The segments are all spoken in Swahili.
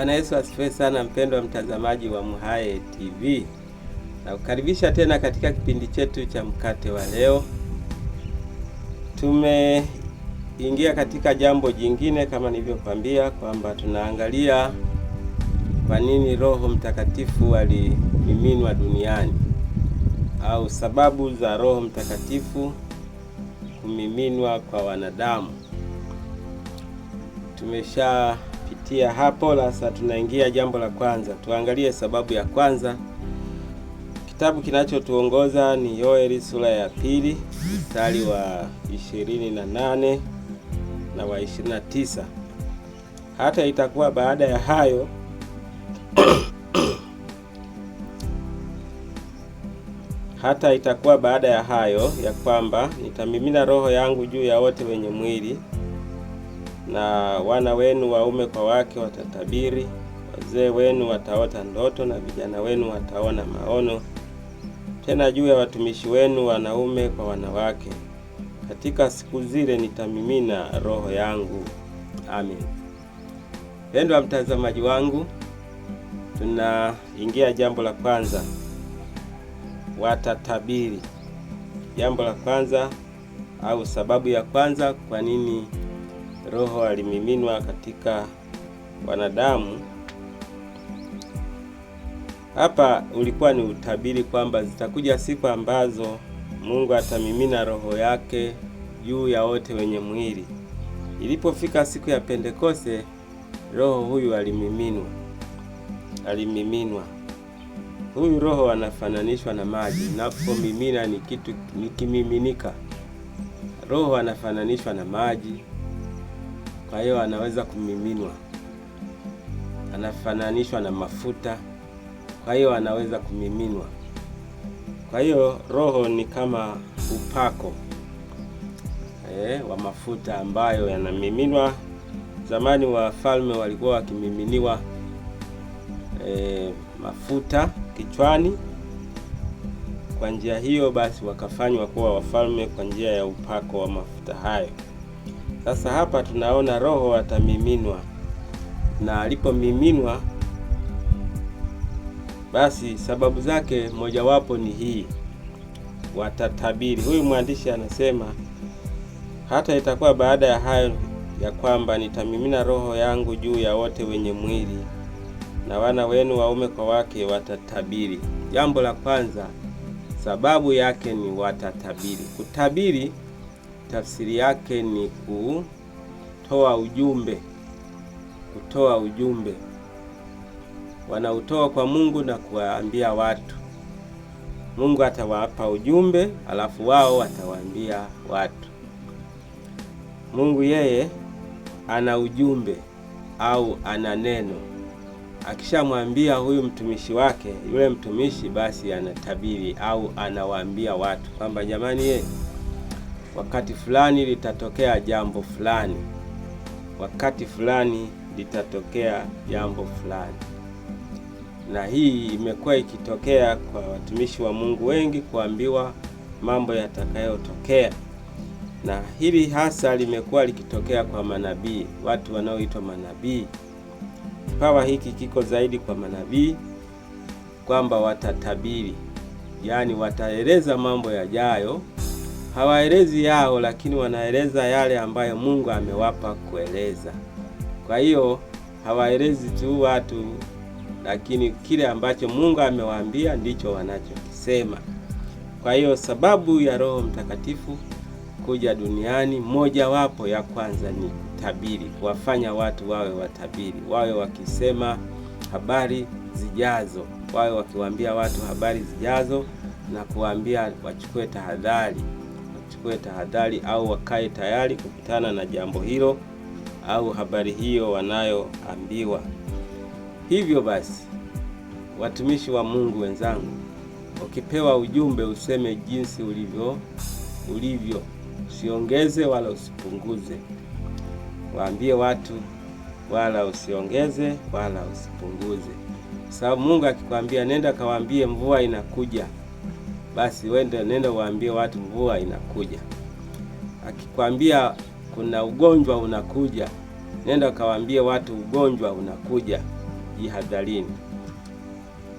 Bwana Yesu asifiwe sana, mpendwa mtazamaji wa MHAE TV, nakukaribisha tena katika kipindi chetu cha mkate wa leo. Tumeingia katika jambo jingine kama nilivyokwambia kwamba tunaangalia kwa nini Roho Mtakatifu alimiminwa duniani au sababu za Roho Mtakatifu kumiminwa kwa wanadamu. Tumesha kupitia hapo. Sasa tunaingia jambo la kwanza, tuangalie sababu ya kwanza. Kitabu kinachotuongoza ni Yoeli sura ya pili mstari wa 28 na wa 29. Hata itakuwa baada ya hayo hata itakuwa baada ya hayo ya kwamba nitamimina roho yangu juu ya wote wenye mwili na wana wenu waume kwa wake watatabiri, wazee wenu wataota ndoto na vijana wenu wataona maono. Tena juu ya watumishi wenu wanaume kwa wanawake, katika siku zile nitamimina roho yangu. Amen. Pendwa mtazamaji wangu, tunaingia jambo la kwanza, watatabiri. Jambo la kwanza au sababu ya kwanza kwa nini Roho alimiminwa katika wanadamu. Hapa ulikuwa ni utabiri kwamba zitakuja siku ambazo Mungu atamimina roho yake juu ya wote wenye mwili. Ilipofika siku ya Pentekoste, roho huyu alimiminwa, alimiminwa. Huyu roho anafananishwa na maji, napomimina ni kitu nikimiminika. Roho anafananishwa na maji kwa hiyo anaweza kumiminwa, anafananishwa na mafuta, kwa hiyo anaweza kumiminwa. Kwa hiyo Roho ni kama upako e, wa mafuta ambayo yanamiminwa. Zamani wafalme walikuwa wakimiminiwa e, mafuta kichwani. Kwa njia hiyo basi wakafanywa kuwa wafalme kwa njia ya upako wa mafuta hayo. Sasa hapa tunaona Roho atamiminwa, na alipomiminwa, basi sababu zake mojawapo ni hii, watatabiri. Huyu mwandishi anasema hata itakuwa baada ya hayo ya kwamba nitamimina roho yangu juu ya wote wenye mwili, na wana wenu waume kwa wake watatabiri. Jambo la kwanza, sababu yake ni watatabiri. Kutabiri tafsiri yake ni kutoa ujumbe, kutoa ujumbe wanautoa kwa Mungu na kuwaambia watu. Mungu atawapa ujumbe, alafu wao watawaambia watu. Mungu yeye ana ujumbe au ana neno. Akishamwambia huyu mtumishi wake, yule mtumishi basi anatabiri au anawaambia watu kwamba jamani, yeye wakati fulani litatokea jambo fulani, wakati fulani litatokea jambo fulani. Na hii imekuwa ikitokea kwa watumishi wa Mungu wengi kuambiwa mambo yatakayotokea, na hili hasa limekuwa likitokea kwa manabii, watu wanaoitwa manabii. Kipawa hiki kiko zaidi kwa manabii kwamba watatabiri, yaani wataeleza mambo yajayo hawaelezi yao, lakini wanaeleza yale ambayo Mungu amewapa kueleza. Kwa hiyo hawaelezi tu watu, lakini kile ambacho Mungu amewaambia ndicho wanachokisema. Kwa hiyo sababu ya Roho Mtakatifu kuja duniani, mojawapo ya kwanza ni kutabiri, kuwafanya watu wawe watabiri, wawe wakisema habari zijazo, wawe wakiwaambia watu habari zijazo na kuwaambia wachukue tahadhari wachukue tahadhari au wakae tayari kukutana na jambo hilo au habari hiyo wanayoambiwa. Hivyo basi, watumishi wa Mungu wenzangu, ukipewa ujumbe useme jinsi ulivyo ulivyo, usiongeze wala usipunguze. Waambie watu wala usiongeze wala usipunguze, sababu Mungu akikwambia nenda kawaambie mvua inakuja basi wende nenda waambie watu mvua inakuja. Akikwambia kuna ugonjwa unakuja, nenda ukawaambie watu ugonjwa unakuja, jihadharini,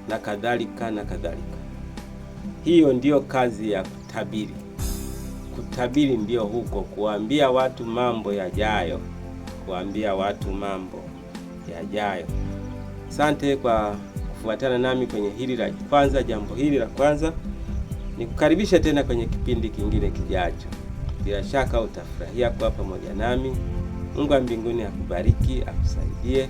na kadhalika na kadhalika. Hiyo ndiyo kazi ya kutabiri. Kutabiri ndiyo huko kuambia watu mambo yajayo, kuambia watu mambo yajayo. Asante kwa kufuatana nami kwenye hili la kwanza, jambo hili la kwanza. Nikukaribisha tena kwenye kipindi kingine kijacho. Bila shaka utafurahia kuwa pamoja nami. Mungu wa mbinguni akubariki, akusaidie.